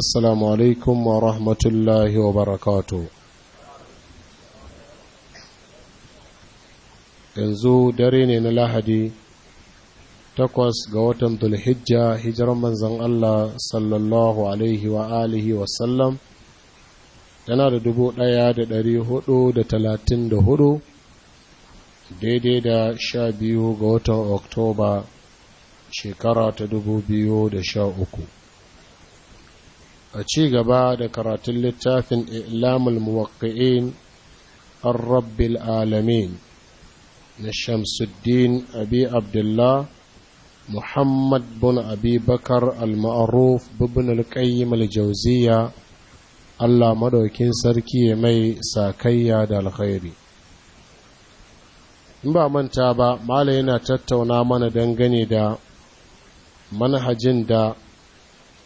السلام عليكم ورحمة الله وبركاته yanzu dare ne na lahadi takwas ga watan dulhijja hijiran manzan Allah sallallahu alaihi wa alihi wasallam yana da dubu ɗaya da ɗari hudu da talatin da hudu daidai da sha biyu ga watan oktoba shekara ta dubu biyu da sha uku a ci gaba da karatun littafin ilamul muwaƙi'in an rabbil alamin na shamsuddin abi abdullah muhammad bin abi bakar al-ma'aruf bibin al-qayyim allah madaukin sarki ya mai sakayya da alkhairi in ba manta ba mala yana tattauna mana dangane da manhajin da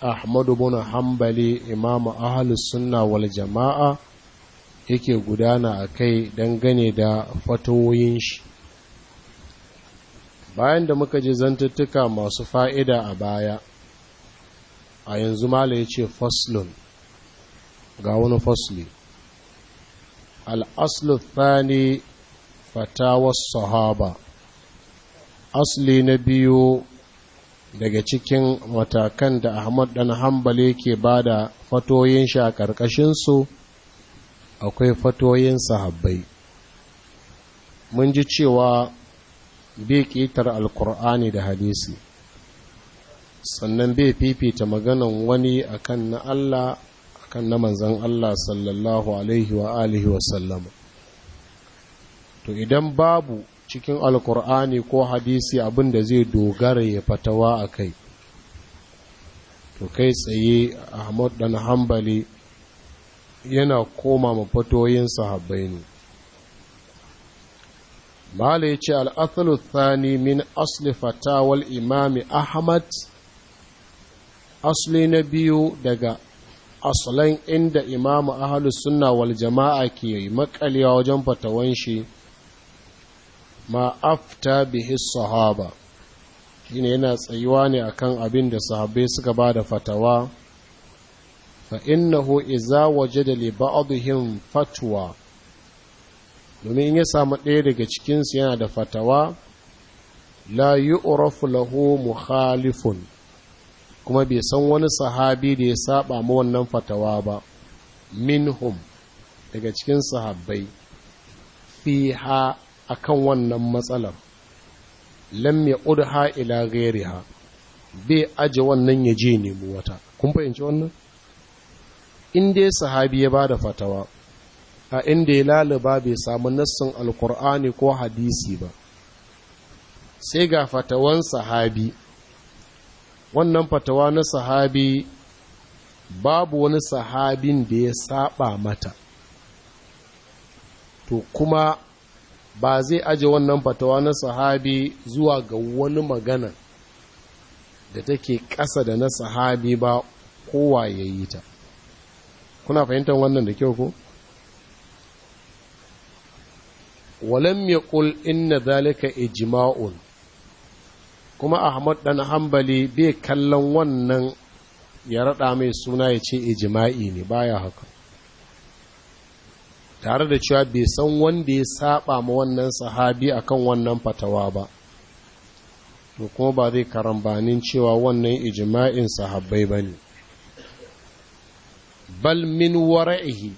ahmadu bin hambali imamu ahalus sunna wal yake gudana a kai dangane da fatoyin shi bayan da muka ji zantuttuka masu fa'ida a baya a yanzu mala ya ce faslun ga wani fasli al'aslu thani fatawar sahaba asli na biyu daga cikin matakan da ahmad dan hambali ke ba da fatoyin shi a ƙarƙashinsu akwai fatoyin sahabbai mun ji cewa bai ƙitar alkur'ani da hadisi sannan bai fifita maganan wani akan na allah akan na manzan allah sallallahu alaihi wa alihi wa to idan babu cikin alkur'ani ko hadisi abin da zai dogara ya fatawa a kai to kai tsaye ahmad dan hambali yana koma mafatoyin sahabbai ne mala ya ce al'athalu min asli fatawal imami ahmad asli na biyu daga asalan inda imamu ahalus suna wal jama'a ke makaliya wajen fatawan shi ma afta bihi sahaba shine yana tsayuwa ne akan abin da sahabbai suka ba da fatawa fa innahu iza wajada li ba'dihim fatwa domin in ya samu ɗaya daga cikinsu yana da fatawa la yu'rafu lahu mukhalifun kuma bai san wani sahabi da ya saba ma wannan fatawa ba minhum daga cikin sahabbai fiha akan wannan matsalar lam ya udha ila ghairiha bai aje wannan ya je nemo wata kun fahimci wannan in sahabi ya bada fatawa a inda ya laluba bai samu nassin alkur'ani ko hadisi ba sai ga fatawan sahabi wannan fatawa na sahabi babu wani sahabin da ya saba mata to kuma ba zai aje wannan fatawa na sahabi zuwa ga wani magana da take ƙasa da na sahabi ba kowa ya yi ta kuna fahimtar wannan da kyau ko walam yaqul inna zalika ijma'un kuma ahmad dan hambali bai kallon wannan ya rada mai suna ya ce ijima'i ne baya haka tare da cewa bai san wanda ya saba ma wannan sahabi akan wannan fatawa ba to kuma ba zai karambanin cewa wannan ijma'in sahabbai ba ne bal min wara'ihi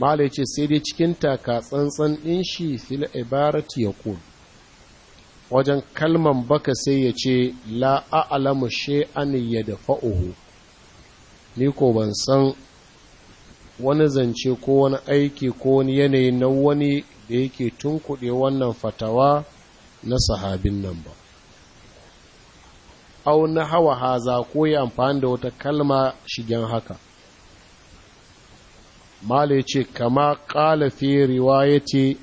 malai ce sai dai cikin taka tsantsan ɗin shi fil ibarati ya wajen kalman baka sai ya ce la a'lamu shay'an yadfa'uhu ni ko ban san wani zance ko wani aiki ko wani yanayi na wani da yake tunkuɗe wannan fatawa na sahabin nan ba au na hawa haza ko ya amfani da wata kalma shigen haka mala ya ce kama ƙala fi riwayati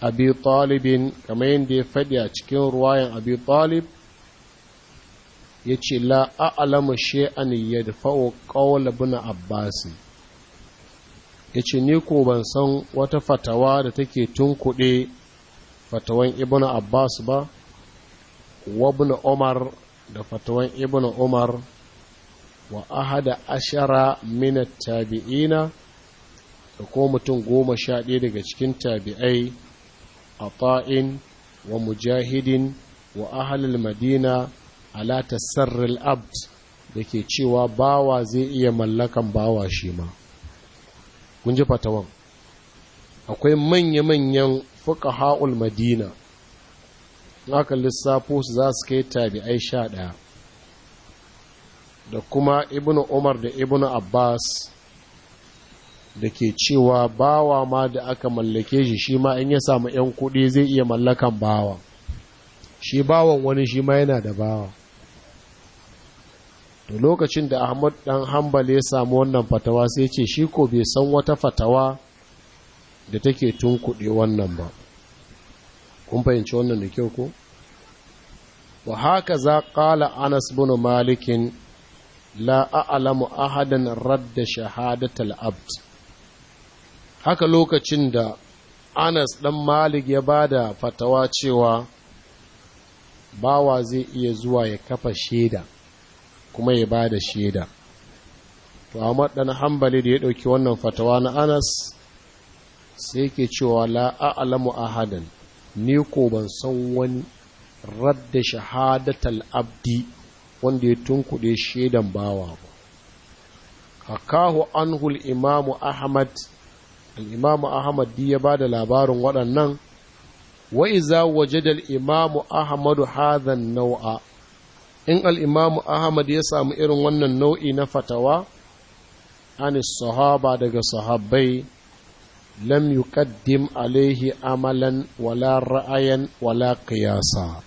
abi talibin kama da ya faɗi a cikin ruwayan abi talib ya ce la a'alama she'an ya dafa'o ƙawar bin abbas ya ce ni ko ban san wata fatawa da take tunkuɗe fatawan ibn abbas ba wa wabin umar da fatawan ibn umar wa ahada ashara mina tabi'ina da ko mutum goma sha ɗaya daga cikin tabi'ai a ta'in wa mujahidin wa ahalil madina ala Sarril abd da ke cewa bawa zai iya mallakan bawa shi ma kun ji fatawan akwai manya-manyan fuka ha'ul madina aka lissafo su za su kai tabi'ai sha ɗaya da kuma Ibn umar da ibnu abbas da ke cewa bawa ma da aka mallake shi shi ma in ya samu 'yan kuɗi zai iya mallakan bawa shi bawan wani shi ma yana da bawa to lokacin da ahmad dan hanbal ya samu wannan fatawa sai ce shi ko bai san wata fatawa da take kuɗi wannan ba kun fahimci wannan da kyau ko wa haka za ƙala anas bin malikin la a'lamu ahadan radda shahadatal abd haka lokacin da anas dan malik ya bada fatawa cewa bawa zai iya zuwa ya kafa shaida kuma ya ba da shaida to Ahmad dan Hanbali da ya ɗauki wannan fatawa na Anas sai yake cewa la a'lamu ahadan ni ko ban san wani radda shahadatal abdi wanda ya tunkuɗe shaidan bawa ba hakahu anhu al-imamu Ahmad al-imamu Ahmad ya bada labarin waɗannan wa waje da al-imamu Ahmad hadha an in al'imamu ahmad ya samu irin wannan nau'i na fatawa an sahaba daga sahabbai lam yuqaddim alaihi amalan wala ra'ayan wala kiyasa,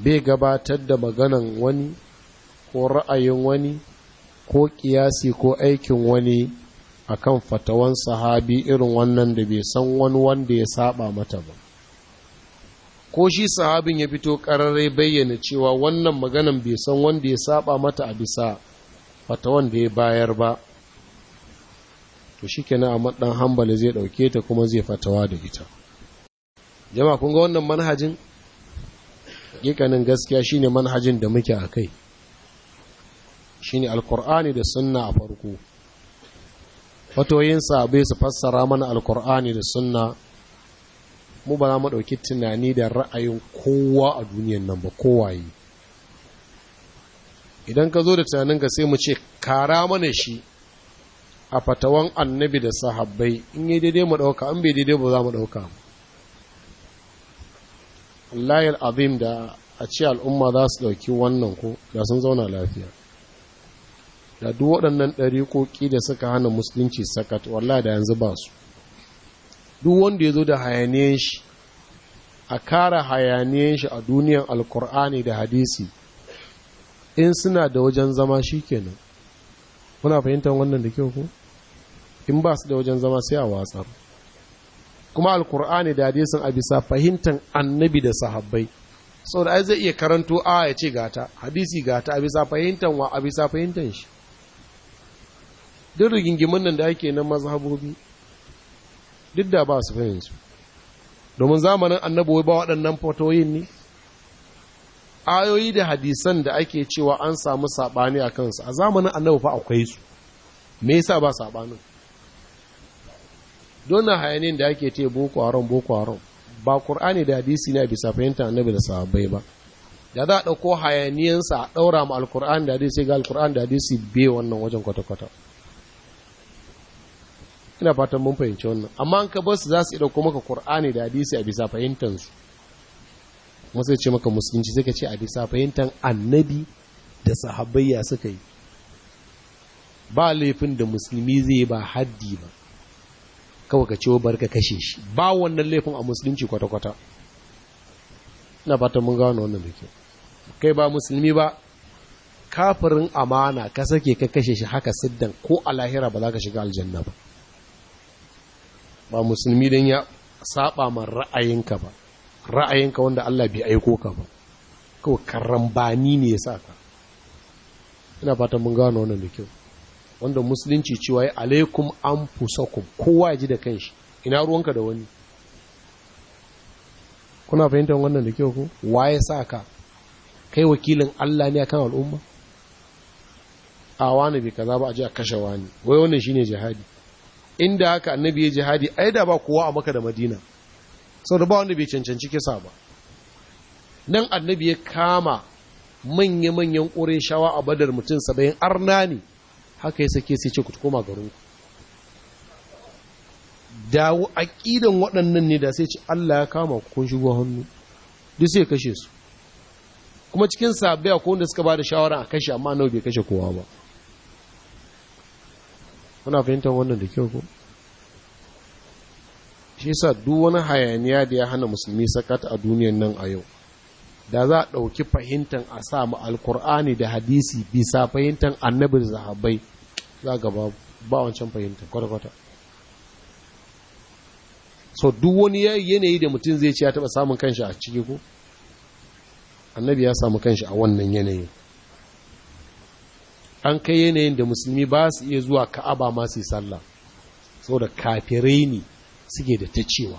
bai gabatar da maganan wani ko ra'ayin wani ko kiyasi ko aikin wani akan fatawan sahabi irin wannan da bai san wani wanda ya saba mata ba ko shi sahabin ya fito ƙararrai bayyana cewa wannan maganan bai san wanda ya saba mata a bisa fata wanda ya bayar ba to shi kenan a maɗan hambali zai ɗauke ta kuma zai fatawa da ita jama kun ga wannan manhajin ƙiƙanin gaskiya shine manhajin da muke a kai shine alkur'ani da sunna a farko fatoyin sahabai su fassara mana alkur'ani da sunna mu ba za mu ɗauki tunani da ra'ayin kowa a duniyan nan ba kowaye idan ka zo da tunaninka sai mu ce kara mana shi a fatawan annabi da sahabbai in yi daidai mu ɗauka an bai daidai ba za mu ɗauka layar abin da a ce al'umma za su ɗauki wannan ko da sun zauna lafiya da duk waɗannan ɗariƙoƙi da suka hana musulunci sakat wallah da yanzu ba su duk wanda ya zo da hayaniyan shi a kara hayaniyan shi a duniyan alkur'ani da hadisi in suna da wajen zama shi nan kuna fahimtar wannan da kyau ko in ba su da wajen zama sai a watsar kuma alkur'ani da hadisin a bisa fahimtar annabi da sahabbai saboda ai zai iya karanto a ya ce gata hadisi gata a bisa fahimtar wa a bisa fahimtar shi duk rigingimin nan da ake na mazhabobi duk da ba su fahimci domin zamanin annabuwa ba waɗannan fotoyin ne ayoyi da hadisan da ake cewa an samu saɓani a kansu a zamanin annabu fa akwai su me yasa ba saɓanin dona hayanin da ake ce boko haram boko haram ba qur'ani da hadisi ne bisa fahimta annabi da sahabbai ba da za a ɗauko hayaniyansa a ɗaura ma Alƙur'ani da hadisi ga Alƙur'ani da hadisi bai wannan wajen kwata-kwata ina fatan mun fahimci wannan amma an ka basu za su ɗauko maka qur'ani da hadisi a bisa fahimtar su kuma sai ce maka musulunci sai ka ce a bisa fahimtar annabi da sahabbaiya suka yi ba laifin da musulmi zai ba haddi ba kawai ka ciwo barka kashe shi ba wannan laifin a musulunci kwata-kwata ina fatan mun gano wannan da kyau kai ba musulmi ba kafirin amana ka sake ka kashe shi haka siddan ko a lahira ba za ka shiga aljanna ba ba musulmi don ya saba ma ra'ayinka ba ra'ayinka wanda Allah bai aiko ka ba kawai karambani ne ya sa ka ina fatan mun gano wannan da kyau wanda musulunci cewa ya alaikum an fusakum kowa ya ji da kanshi ina ruwanka da wani kuna fahimtar wannan da kyau ko waye sa ka kai wakilin Allah ne akan al'umma a wani bai kaza ba a ji a kashe wani wai wannan shine jihadi inda haka annabi ya jihadi ai da ba kowa a maka da madina sau da ba wanda bai cancanci kisa ba nan annabi ya kama manya-manyan ƙorin shawa a badar mutum saba'in arna ne haka ya sake sai ce ku koma garin da aƙidan waɗannan ne da sai ce Allah ya kama ku kun shigo hannu duk sai kashe su kuma cikin sabbi ko wanda suka ba da shawara a kashe amma nawa bai kashe kowa ba muna fahimtar wannan da kyau ko shi sa duk wani hayaniya da ya hana musulmi sakata a duniyan nan a yau da za a ɗauki fahimtar a sa mu alkur'ani da hadisi bisa fahimtar annabi da zahabai za ga ba wancan fahimtar kwata-kwata so duk wani yanayi da mutum zai ci ya taɓa samun kanshi a ciki ko annabi ya samu kanshi a wannan yanayin an kai yanayin da musulmi ba su iya zuwa ka'aba ma su sallah saboda kafirai ne suke da ta cewa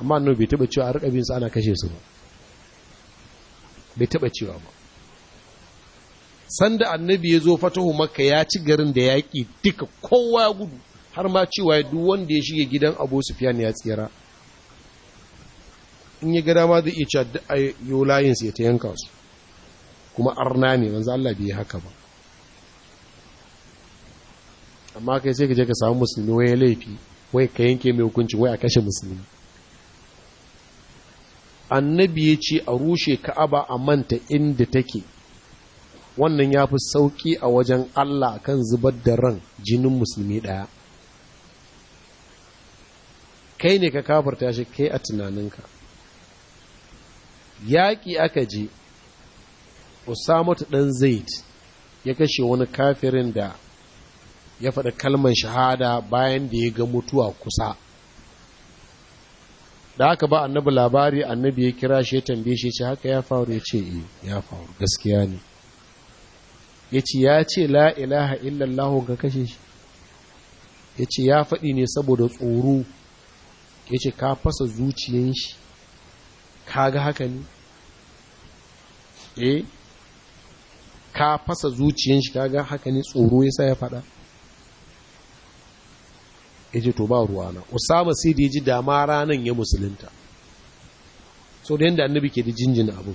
amma annabi bai taba cewa a rika bin su ana kashe su ba bai taba cewa ba sanda annabi ya zo fatahu maka ya ci garin da yaƙi duka kowa ya gudu har ma cewa duk wanda ya shige gidan abu sufiyan ya tsira in ya gada ma zai iya cewa duk layinsa ya ta yanka su kuma arna ne manzo Allah bai haka ba amma kai sai ka je ka samu musulmi wai laifi wai ka yanke mai hukunci wai a kashe musulmi annabi ya ce a rushe ka'aba a manta inda take wannan ya fi sauƙi a wajen Allah kan zubar da ran jinin musulmi ɗaya kai ne ka kafarta shi kai a tunaninka yaƙi aka je usamatu ɗan zaid ya kashe wani kafirin da ya faɗi kalman shahada bayan da ya ga mutuwa kusa da haka ba annabi labari annabi ya kira shi ya tambaye shi ce haka ya faru ya ce eh, ya faru gaskiya ne ya ce ya ce la ilaha illallah ga kashe shi ya ce ya faɗi ne saboda tsoro ya ce ka fasa zuciyan shi ka ga haka ne eh ka fasa zuciyan shi kaga haka ne tsoro yasa ya faɗa yace to ba ruwa na usama sai da yaji dama ranan ya musulunta so da yanda annabi ke da jinjin abu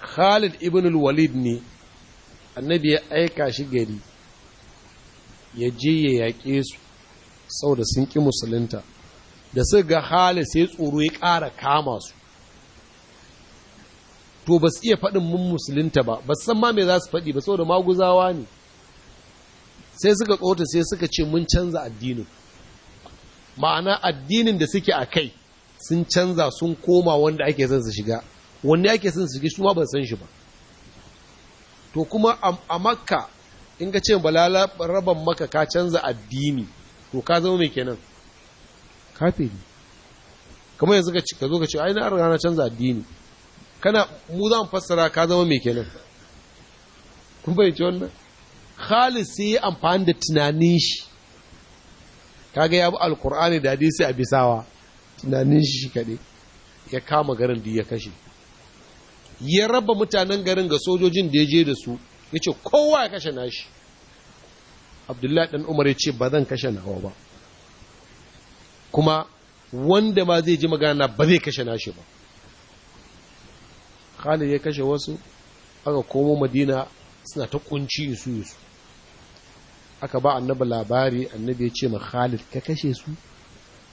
Khalid ibn walid ne annabi ya aika shi gari ya je ya yaƙe su sau da sun ƙi musulunta da su ga Khalid sai tsoro ya ƙara kama su to ba su iya faɗin mun musulunta ba ba san ma me za su faɗi ba saboda maguzawa ne sai suka tsota sai suka ce mun canza addinin ma'ana addinin da suke a kai sun canza sun koma wanda ake son su shiga wanne ake son su shiga shi ma ban san shi ba to kuma a makka in ka ce balala raban maka ka canza addini to ka zama mai kenan kafiri kamar yanzu ka zo ka ce ai na riga na canza addini kana mu za mu fassara ka zama mai kenan kun fahimci wannan Khalid sai ya amfani da tunanin shi kaga ya bi alkur'ani da hadisi a bisawa tunanin shi shi kaɗai ya kama garin da ya kashe ya raba mutanen garin ga sojojin da ya je da su ya ce kowa ya kashe nashi abdullahi dan umar ya ce ba zan kashe nawa ba kuma wanda ma zai ji magana ba zai kashe nashi ba Khalid ya kashe wasu aka komo Madina suna ta kunci su isu aka ba annabi labari annabi ya ce ma Khalid ka kashe su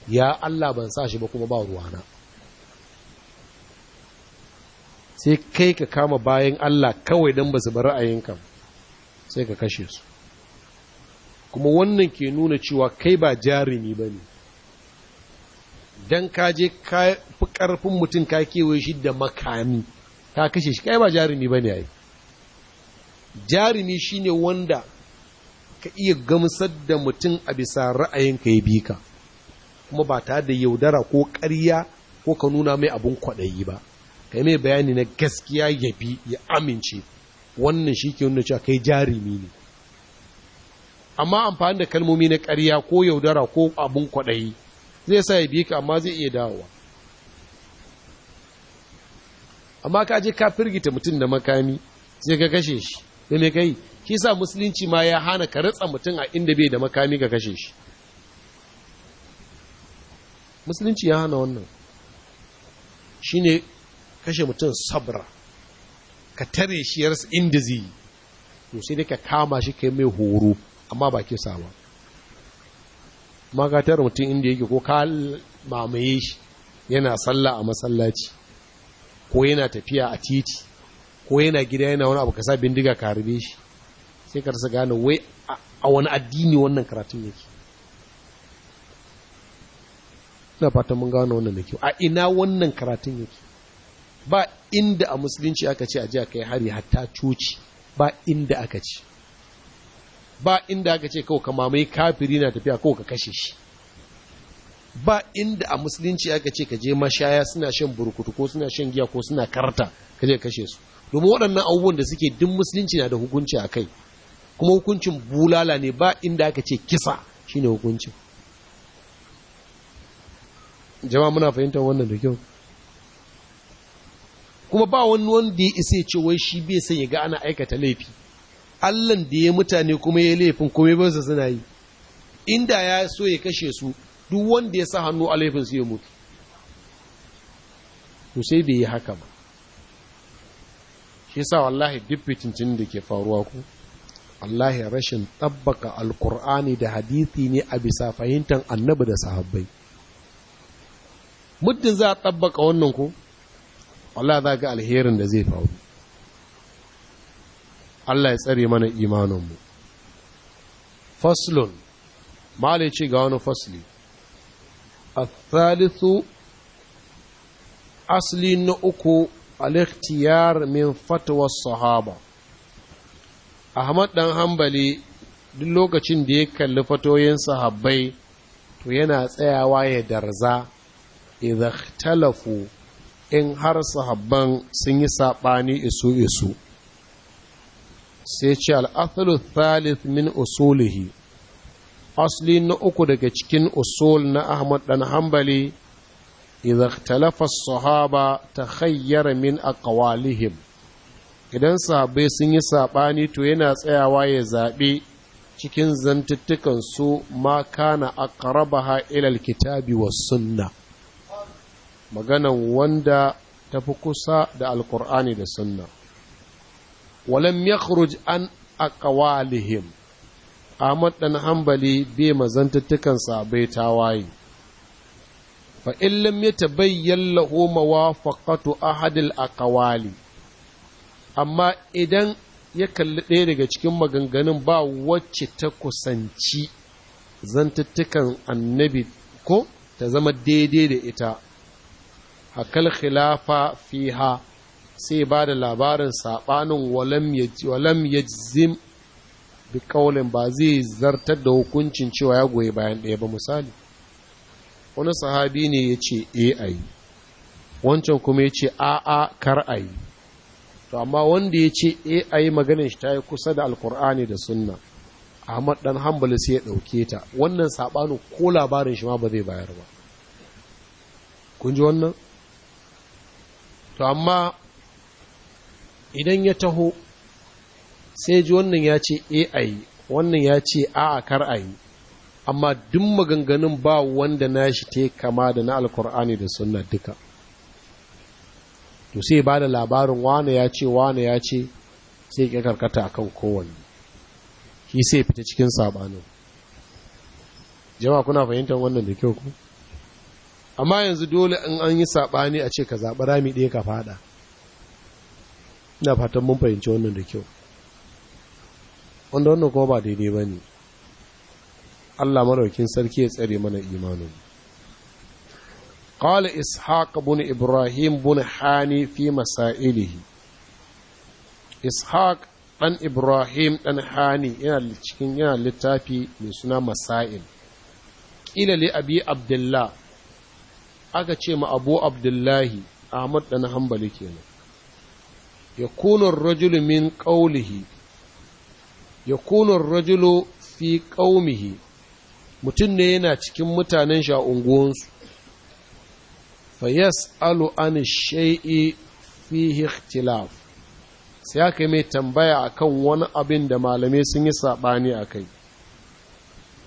ya Allah ban sa shi ba kuma ba ruwa na sai kai ka kama bayan Allah kawai don ba su bar ra'ayinka sai ka kashe su kuma wannan ke nuna cewa kai ba jarumi ba ne don ka je fi ƙarfin mutum ka kewaye shi da makami ka kashe shi kai ba jarumi ba ya yi. jarumi shi ne wanda ka iya gamsar da mutum a bisa ra'ayin ka ya bi ka kuma ba ta da yaudara ko ƙarya ko ka nuna mai abin kwaɗayi ba ka mai bayani na gaskiya ya bi ya amince wannan shi ke nuna cewa kai jarumi ne amma amfani da kalmomi na ƙarya ko yaudara ko abin kwaɗayi zai sa ya bi ka amma zai iya dawowa amma ka je ka firgita mutum da makami sai ka kashe shi da me kai shi sa musulunci ma ya hana ka ratsa mutum a inda bai da makami ka kashe shi musulunci ya hana wannan shine kashe mutum sabra ka tare shi yarsa inda zai sai dai ka kama shi kai mai horo amma ba ke sawa ma ka tare mutum inda yake ko ka mamaye shi yana sallah a masallaci ko yana tafiya a titi ko yana gida yana wani abu ka sa bindiga ka harbe shi sai ka rasa gane wai a wani addini wannan karatun yake ina fatan mun gano wannan da kyau a ina wannan karatun yake ba inda a musulunci aka ce a ji aka yi hari hatta coci ba inda aka ce ba inda aka ce kawai ka mamaye kafiri na tafiya kawai ka kashe shi ba inda a musulunci aka ce ka je mashaya suna shan burkutu ko suna shan giya ko suna karta ka je kashe su domin waɗannan abubuwan da suke duk musulunci na da hukunci a kai kuma hukuncin bulala ne ba inda aka ce kisa shine hukuncin jama'a muna fahimtar wannan da kyau kuma ba wani wanda ya isa ce wai shi bai san ya ga ana aikata laifi Allahn da ya mutane kuma ya laifin kuma ya suna yi inda ya so ya kashe su duk wanda ya sa hannu a laifin su ya mutu to sai bai yi haka ba shi sa wallahi duk fitincin da ke faruwa ku wallahi rashin tabbaka alkur'ani da hadithi ne a bisa fahimtar annabi da sahabbai muddin za a tabbaka wannan ku wallahi za ga alherin da zai faru Allah ya tsare mana imaninmu faslun ma ce ga wani fasli الثالث أصلي نؤكو الاختيار من فتوى sahaba Ahmad ɗan هنبلي duk lokacin da ya kalli fatoyin sahabbai to yana tsayawa ya darza idza talafu in har sahabban sun yi saɓani isu isu sai ce al'athalu thalith min usulihi asli na uku daga cikin usul na ahmad dan hambali idan talafa sahaba ta hayyara min aqwalihim idan sahabbai sun yi saɓani to yana tsayawa ya zabe cikin zantuttukan su ma kana aqrabaha ila alkitabi was sunna maganan wanda tafi kusa da alkur'ani da sunna walam yakhruj an aqwalihim Ahmad ɗan hambali bai mazantattukan sabai tawaye. Fa illam ya tabayyan lahu mawafaqatu ahadil aqwali amma idan ya kalli ɗaya daga cikin maganganun ba wacce ta kusanci zantattukan annabi ko ta zama daidai da ita hakal khilafa fiha sai ba da labarin saɓanin walam yajzim bi ba zai zartar da hukuncin cewa ya goyi bayan ɗaya ba misali wani sahabi ne ya ce eh, a wancan kuma ya ce a a kar a yi to amma wanda ya ce e a yi maganin shi ta yi kusa da alkur'ani da sunna ahmad dan hambali sai ya ɗauke ta wannan saɓanin ko labarin shi ma ba zai bayar ba kun ji wannan to amma idan ya taho sai ji wannan ya ce e a yi wannan ya ce a a kar a yi amma duk maganganun ba wanda na shi te kama da na alkur'ani da sunna duka to sai ba da labarin wane ya ce wane ya ce sai ya karkata kan kowanne shi sai fita cikin sabanin jama'a kuna fahimtar wannan da kyau ku amma yanzu dole in an yi sabani a ce ka zaɓi rami ɗaya ka fada ina fatan mun fahimci wannan da kyau wanda wannan kuma ba daidai ba ne allah maraukin sarki ya tsare mana imanin قال إسحاق بن إبراهيم بن حاني في مسائله إسحاق ɗan Ibrahim ɗan Hani yana cikin yana littafi mai suna Masail. Ƙila li abi Abdullah, aka ce ma abu Abdullahi, Ahmad ɗan hambali kenan. Ya kunan rajulu min ƙaulihi, ya kunar rajulu fi ƙaumihi mutum ne yana cikin mutanen sha a unguwansu fa yas'alu an shay'i fihi ikhtilaf sai aka mai tambaya akan wani abin da malamai sun yi saɓani akai kai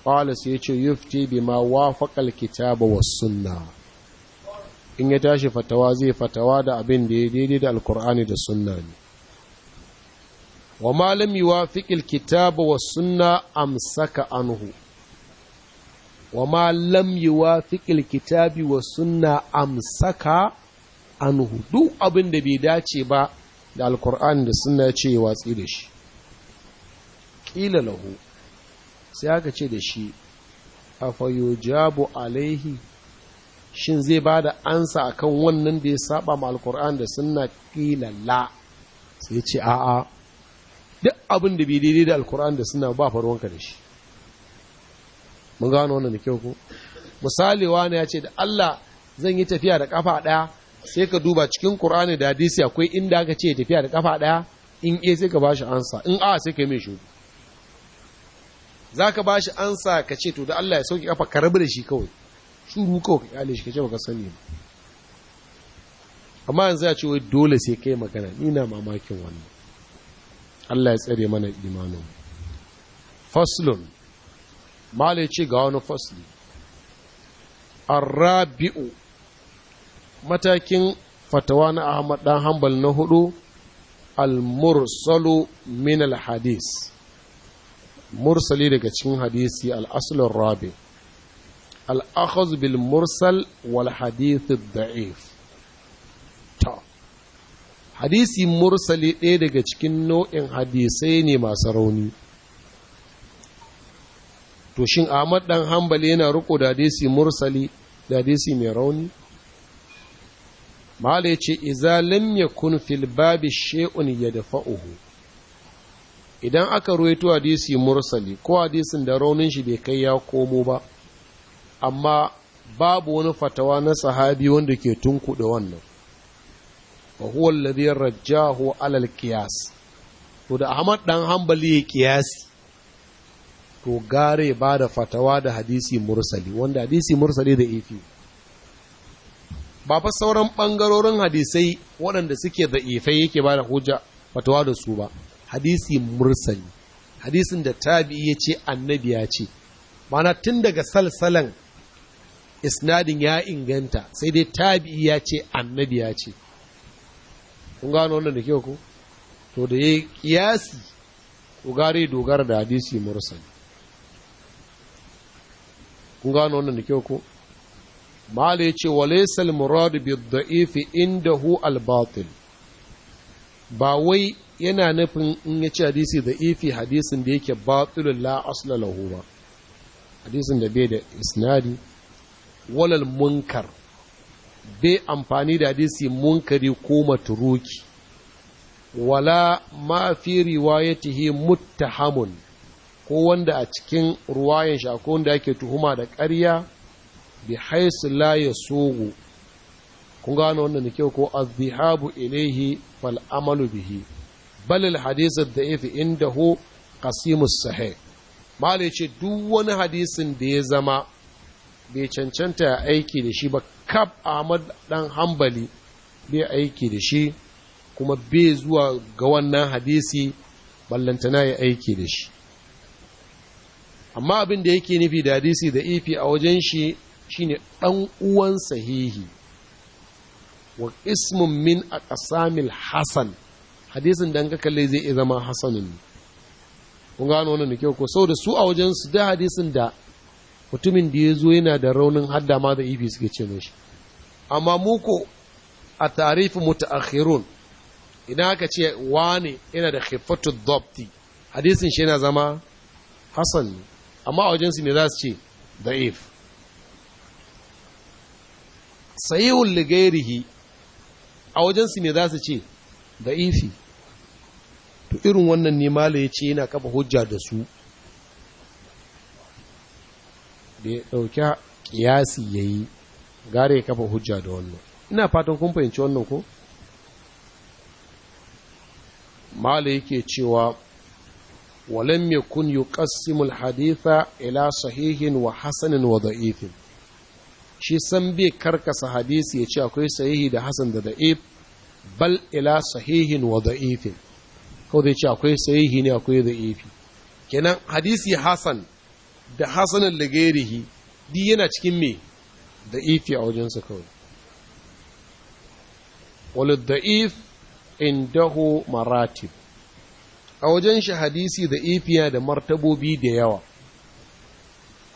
qala sai yace yufti bima wafaqa alkitaba was sunna in ya tashi fatawa zai fatawa da abin da ya daidai da alkur'ani da sunna ne wa malam yuwafiq alkitaba was amsaka anhu wa ma amsaka anhu duk abin da bai dace ba da alkur'ani da suna ce ya watsi da shi ƙila lahu sai aka ce da shi afayojabu alaihi shin zai ba da ansa akan wannan da ya saba ma alkur'an da sunna ƙila la sai ce a'a duk abin da bai daidai da alkur'ani da suna ba farwanka da shi mun gano wannan da kyau ko misali wani ya ce da Allah zan yi tafiya da kafa ɗaya sai ka duba cikin Qur'ani da hadisi akwai inda aka ce tafiya da kafa ɗaya in A sai ka bashi ansa in A sai ka yi mai shudu zaka bashi ansa ka ce to da Allah ya sauke kafa ka rabu da shi kawai shuru kawai ka kyale shi ka ce baka sani ba amma yanzu ya ce wai dole sai kai magana na mamakin wannan Allah ya tsare mana imanin faslun mala ce ga wani fasli arrabi'u matakin fatawa na ahmad ɗan hambal na hudu al-mursalu min al-hadis mursali daga cikin hadisi al-aslun rabi al-akhaz bil mursal wal hadith da'if hadisi mursali ɗaya daga cikin nau'in hadisai ne masu rauni to shin ahmad dan hambali yana riko da hadisi mursali da hadisi mai rauni mahala ce iza lam yakun fil babi shay'un yadfa'uhu idan aka ruwaito hadisi mursali ko hadisin da raunin shi bai kai ya komo ba amma babu wani fatawa na sahabi wanda ke tunku da wannan wa huwa alladhi rajjahu alal qiyas to da Ahmad dan Hanbali ya kiyasi to gare ba da fatawa da hadisi mursali wanda hadisi mursali da ifi ba fa sauran bangarorin hadisai waɗanda suke da ifai yake ba da hujja fatawa da su ba hadisi mursali hadisin da tabi'i ya ce annabi ya ce mana tun daga salsalan isnadin ya inganta sai dai tabi'i ya ce annabi ya ce kun gano wannan da kyau ko to da ya kiyasi ku gare dogara da hadisi mursal kun gano wannan da kyau ko mala ya ce walaysa al-murad bi ad-da'if indahu al-batil ba wai yana nufin in ya ci hadisi da ifi hadisin da yake batulun la asla ba hadisin da bai da isnadi walal munkar Be amfani da hadisi munkari ko maturuki wala ma fi riwayatihi muttahamun ko wanda a cikin ruwayan shi da wanda tuhuma da ƙarya bi haisu la ya sogo kun gano wannan da kyau ko azhabu ilaihi fal amalu bihi bal hadisi da ifi inda ho qasimus sahih mala ce duk wani hadisin da ya zama bai cancanta ya aiki da shi ba kaf ahmad dan hambali bai aiki da shi kuma bai zuwa ga wannan hadisi ballantana ya aiki da shi amma abin da yake nufi da hadisi da ifi a wajen shi shine ɗan uwan sahihi wa ismun min a ƙasamil hasan hadisin da kalle zai iya zama hasanin kun gano wannan da kyau ko sau da su a wajen su da hadisin da mutumin da ya zo yana da raunin hadda ma da ifi suke ce mai shi. amma mu ko a tarifi mutaakhirun ina aka ce wane yana da khifatu dhabti hadisin shi yana zama hasan amma a wajensu ne za su ce da'if sahihul ligairihi a wajensu ne za su ce da'ifi to irin wannan ne mala ya ce yana kafa hujja da su da ya ɗauki ƙiyasi ya yi gare ya kafa hujja da wannan ina fatan kun fahimci wannan ko mala yake cewa walam yakun yuqassimu alhaditha ila sahihin wa hasanin wa da'ifin shi san bai karkasa hadisi ya ce akwai sahihi da hasan da da'if bal ila sahihin wa da'ifin ko dai ce akwai sahihi ne akwai da'ifi kenan hadisi hasan da hasanan da gairihi di yana cikin me da ifi a wajensa kawai walid da'if indahu maratib a wajen shi hadisi da ifiya da martabobi da yawa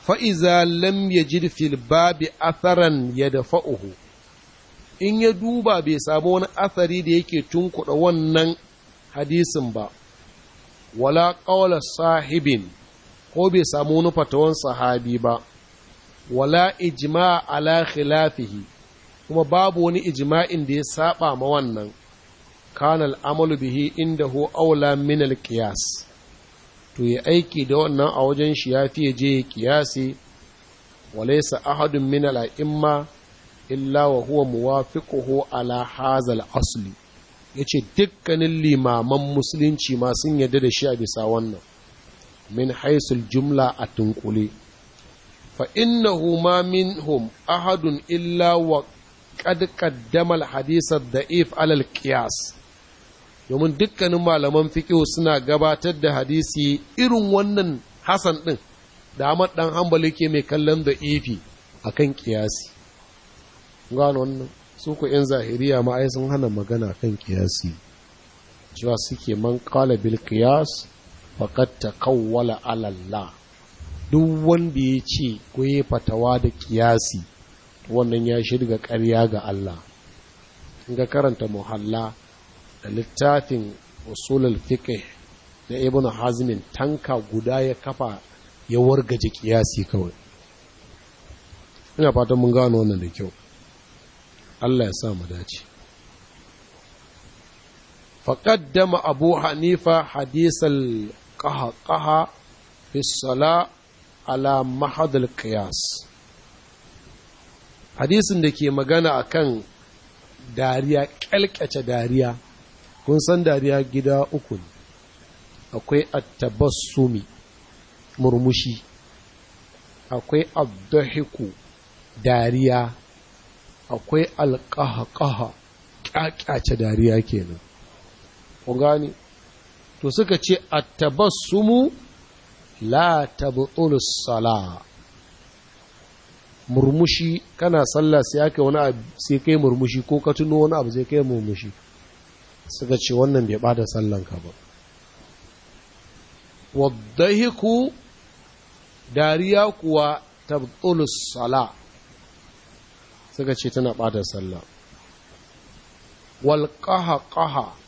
fa'iza lam yajid fil babi atharan ya dafa'uhu in ya duba bai samu wani athari da yake tunkuɗa wannan hadisin ba wala ƙaula sahibin ko bai samu wani fatawan sahabi ba wala ijma ala khilafihi kuma babu wani ijma'in da ya saba ma wannan kana al'amalu bihi inda hu aula min al to ya aiki da wannan a wajen shi ya fiye je kiyasi walaysa ahadun min al imma illa wa huwa muwafiquhu ala hazal asli yace dukkanin limaman musulunci ma sun yarda da shi a bisa wannan min haisul jumla a tunkule fa innahu ma minhum ahadun illa wa qad qaddama al daif domin dukkanin malaman fiqh suna gabatar da hadisi irin wannan hasan ɗin da ɗan dan ke mai kallon da ifi akan kiyasi gano wannan su ku yan zahiriya ma ai sun hana magana kan ƙiyasi. cewa suke man qala bil faqad taqawwala ala Allah duk wanda ya ce ko ya fatawa da kiyasi wannan ya shirga ƙarya ga Allah ga karanta muhalla da littafin usulul fiqh na Ibnu hazmin tanka guda ya kafa ya wargaje kiyasi kawai ina fatan mun gano wannan da kyau Allah ya sa mu dace faqaddama abu hanifa hadisal qahqaha fi ala mahadul qiyas hadisin da ke magana a kan dariya kyalkyace dariya kun san dariya gida uku ne akwai attabassumi murmushi akwai abdahiku dariya akwai alƙaha-ƙaha ƙyaƙyace dariya kenan ku to suka ce attabassumu la tabtul sala murmushi kana sallah sai aka wani sai kai murmushi ko ka tuno wani abu sai kai murmushi suka ce wannan bai bada sallan ka ba wadahiku dariya kuwa tabtul sala suka ce tana bada sallah wal qaha qaha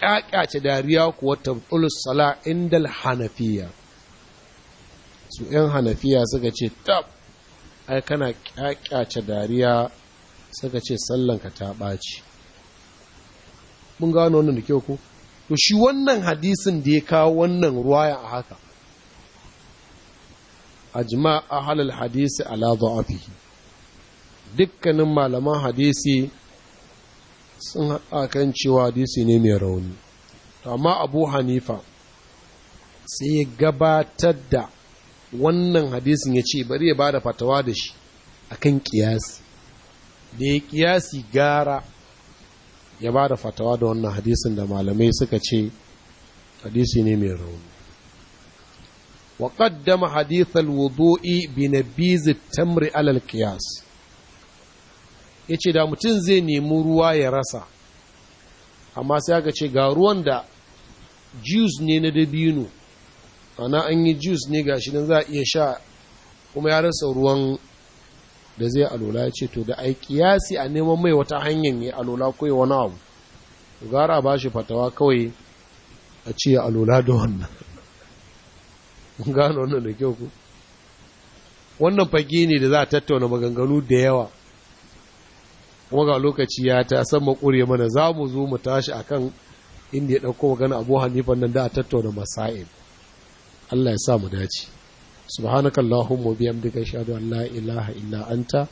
ƙyaƙyace dariya kuwa tabtulus sala indal hanafiya su ‘yan hanafiya suka ce tab ai kana ƙyaƙyace dariya suka ce sallanka ta ɓaci mun gano wannan da kyau ko to shi wannan hadisin da ya kawo wannan ruwaya a haka ajma ahlal hadisi ala dha'afihi dukkanin malaman hadisi sun haɗa kan cewa hadisi ne mai rauni To amma abu hanifa sai ya gabatar da wannan hadisin ya ce bari ya ba da fatawa da shi a kan ƙiyasi da ya ƙiyasi gara ya ba da fatawa da wannan hadisin da malamai suka ce hadisi ne mai rauni وقدم حديث الوضوء بنبيذ tamri alal القياس ya ce da mutum zai nemi ruwa ya rasa amma sai aka ce ga ruwan da juice ne na dabino ana an yi juice ne ga shi nan za a iya sha kuma ya rasa ruwan da zai alola ya ce to da ai kiyasi a neman mai wata hanyar ya alola ko wani abu gara ba shi fatawa kawai a ce ya alola da wannan gano wannan da kyau ku wannan fage ne da za a tattauna maganganu da yawa kuma ga lokaci ya ta san kure mana za mu zo mu tashi akan inda ya ɗauko magana abu hannifan nan da a tattauna masa'il Allah ya sa mu dace subhanakallahu allahumma bihamdika ashhadu an la ilaha illa anta